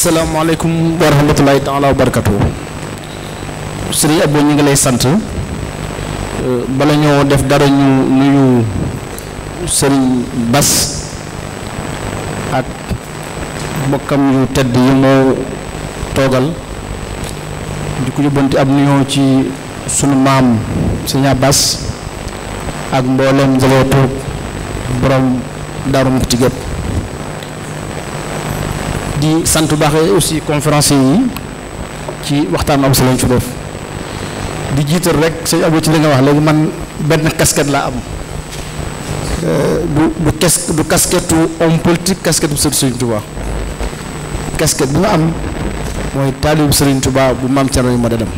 asalaamaaleykum wa rahmatulahi taala wa barakatu sëriñ Abo ñu ngi lay sant euh, bala ñoo def dara ñu nuyu sëriñ Bas ak bokkam yu tedd yi moo toogal di ko yóbbanti ab nuyoo ci sunu maam sëriñ bas ak mboolem njabootu borom Daaru Muxti gépp di sant baxé aussi conférencier yi ci waxtaan am salam ci def di jiital rek sey abou ci nga wax léegi man ben casquette la am euh, du du casque du casquette homme politique casquette bu sëñ touba casquette bu am moy talib Sëriñ touba bu maam Cerno ma da dem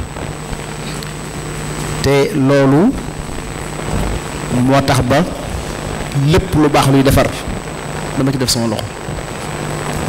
te loolu moo ba lepp lu bax luy defar dama ci def sama loxo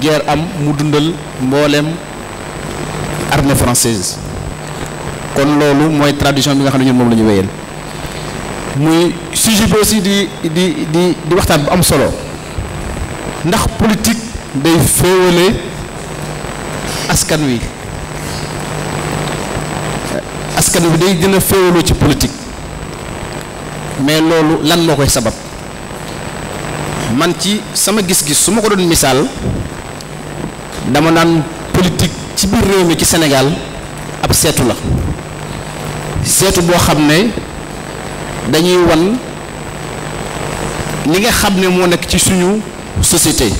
guerre am mu dundal mbollem armée française kon lolu moy tradition bi nga xam ñun mom lañu ñu muy sujet aussi di di di di waxtaan bu am solo ndax politique day féewale askan wi askan wi day dina a ci politique mais lolu lan moo koy sabab man ci sama gis-gis suma ko don misal dama naan politique ci biir réew mi ci Sénégal ab seetu la seetu boo xam ne dañuy wan li nga xam ne moo nekk ci suñu société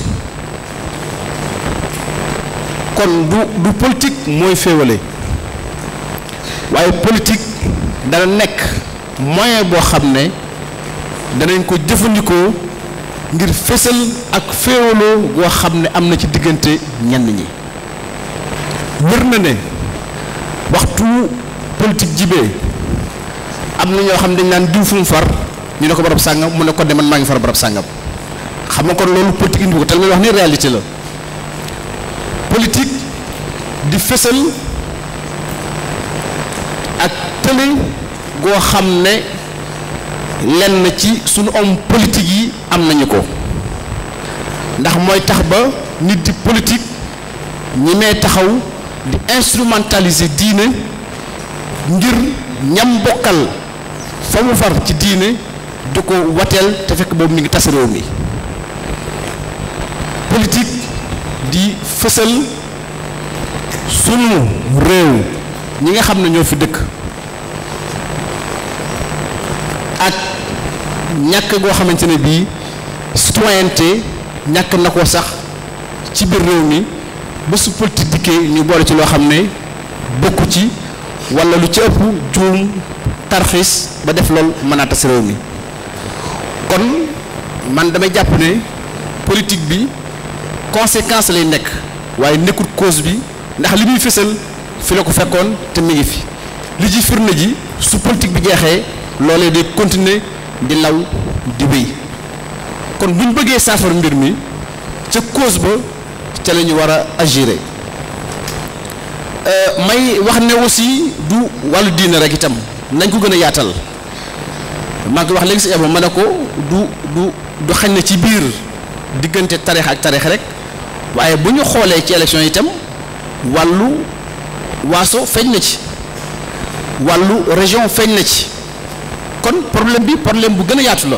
kon du du politique mooy féewale waaye politique dana nekk moyen boo xam ne danañ ko jëfandikoo. ngir fésal ak féewaloo goo xam ne am na ci diggante ñenn ñi wër na ne waxtu politique jibee am na ñoo xam ne dañ naan diw fu mu far ñu ne ko barab sàngam mu ne ko de maa ngi far barab sàngam xam nga kon loolu politique indi ko te may wax ni réalité la politique di fësal ak tële goo xam ne lenn ci suñu homme politique yi am nañu ko ndax mooy tax ba nit di politique ñi taxaw di instrumentaliser diine ngir ñam bokkal fa mu far ci diine du ko wateel te fekk boobu mi ngi tas réew mi politique di fësal sunu réew ñi nga xam ne ñoo fi dëkk ak ñàkk goo xamante ne bii citoyenneté ñàkk na ko sax ci biir réew mi ba su politique dikkee ñu boole ci loo xam ne bokku ci wala lu ci ëpp juum tarxiis ba def lool mën a tas réew mi kon man damay jàpp ne politique bi conséquence lay nekk waaye nekkul cause bi ndax li muy fësal fi la ko fekkoon te mu ngi fi li ci firnde ji su politique bi jeexee loolee day continuer di law di wéy kon bu ñu bëggee saafara mbir mi ca cause ba ca la ñu war a agir euh, may wax ne aussi du wàllu diine rek itam nañ ko gën a yaatal maa ngi wax léegi si Ibrahima ma ne ko du du du xañ na ci biir diggante tarix ak tarix rek waaye bu ñu xoolee ci élection itam wàllu waaso feeñ na ci wàllu région feeñ na ci kon problème bi problème bu gën a yaatu la.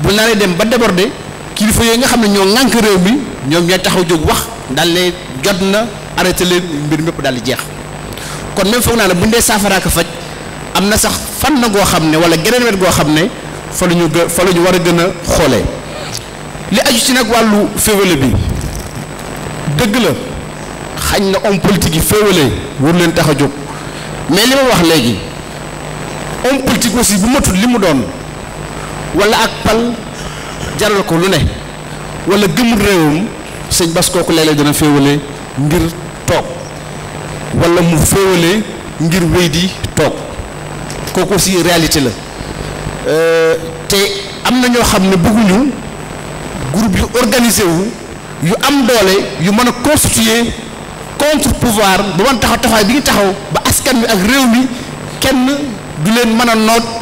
bu naree dem ba déborder kilifa yooyu nga xam ne ñoo ŋànk réew mi ñoom ñooy taxaw jóg wax daal lee jot na arrêté leen mbir mépp daal di jeex kon même foog naa ne bu dee saafara ak faj am na sax fan na goo xam ne wala geneen wet goo xam ne fa la ñu gë fa la ñu war a gën a xoolee li aju ci nag wàllu février bi dëgg la xañ na homme politique yi février wur leen tax a jóg mais li ma wax léegi homme politique aussi bu matul li mu doon. wala ak pal jaral ko lu ne wala gëm réewam sëñ bas kooku lay léeg dana féewale ngir toog walla mu féewale ngir wéy di toog kooku aussi réalité la euh, te am na ñoo xam ne bëgguñu groupe yu organisé wu yu am doole yu mën a constituer contre pouvoir ba mën taxaw taxawaay bi ñu taxaw ba askan bi ak réew mi kenn du leen mën a noot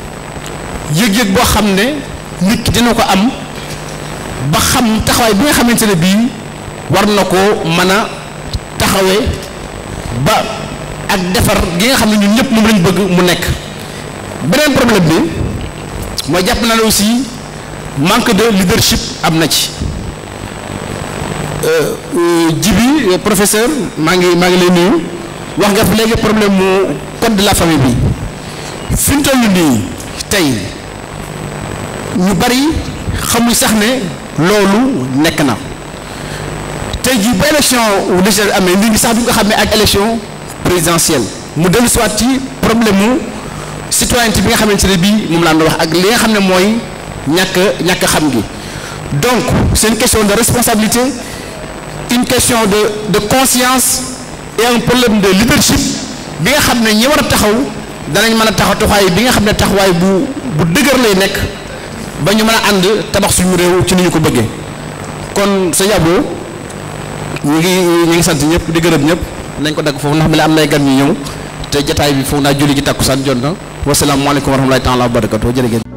yëg-yëg boo xam ne nit ki dina ko am ba xam taxawaay bi nga xamante ne bii war na ko mën a taxawee ba ak defar gi nga xam ne ñu ñëpp moom lañu bëgg mu nekk beneen problème bi mooy jàpp naa ne aussi manque de leadership am na ci euh, euh, jibi euh, professeur maa ngi maa ngi lay nuyu wax nga fi léegi problème mu code de la famille bi fi mu nii tey ñu bari xamuy sax ne loolu nekk na tey ji ba élection législative amee nit ñi sax bi nga xam ne ak élection présidentielle mu dellu siwaat ci problème mu citoyenneté bi nga xamante ne bii moom laa wax ak li nga xam ne mooy ñàkk ñàkk xam gi donc c'est une question de responsabilité une question de de conscience et un problème de leadership bi nga xam ne ñi war a taxaw danañ mën a taxaw taxawaay bi nga xam ne taxawaay bu bu dëgër lay nekk ba ñu mën a ànd tabax suñu réew ci ni ñu ko bëggee kon sa yàbbu ñu ngi ñu ngi sant ñëpp di gërëm ñëpp nañ ko dagg foofu ndax mi la am nay gan ñu ñëw te jataay bi foog naa julli ji takkusaan jot na wasalaamualeykum wa rahmatulahi taala wa barakatu genn